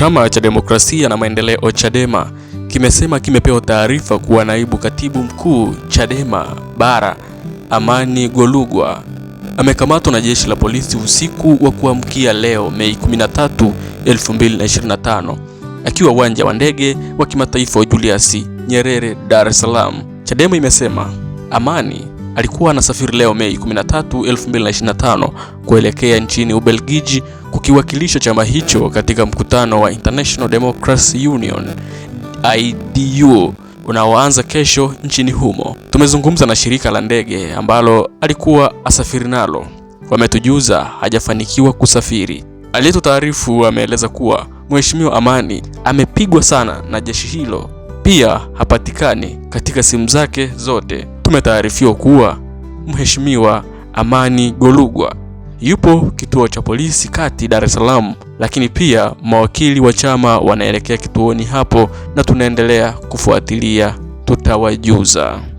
Chama cha Demokrasia na Maendeleo Chadema kimesema kimepewa taarifa kuwa naibu katibu mkuu Chadema Bara Amani Golugwa amekamatwa na jeshi la polisi usiku wa kuamkia leo Mei 13, 2025 akiwa uwanja wa ndege wa kimataifa wa Julius Nyerere, Dar es Salaam. Chadema imesema Amani alikuwa anasafiri leo Mei 13, 2025 kuelekea nchini Ubelgiji kukiwakilisha chama hicho katika mkutano wa International Democracy Union IDU unaoanza kesho nchini humo. Tumezungumza na shirika la ndege ambalo alikuwa asafiri nalo, wametujuza hajafanikiwa kusafiri. Aliyetutaarifu ameeleza kuwa Mheshimiwa Amani amepigwa sana na jeshi hilo, pia hapatikani katika simu zake zote tumetaarifiwa kuwa Mheshimiwa Amani Golugwa yupo kituo cha polisi kati Dar es Salaam, lakini pia mawakili wa chama wanaelekea kituoni hapo na tunaendelea kufuatilia, tutawajuza.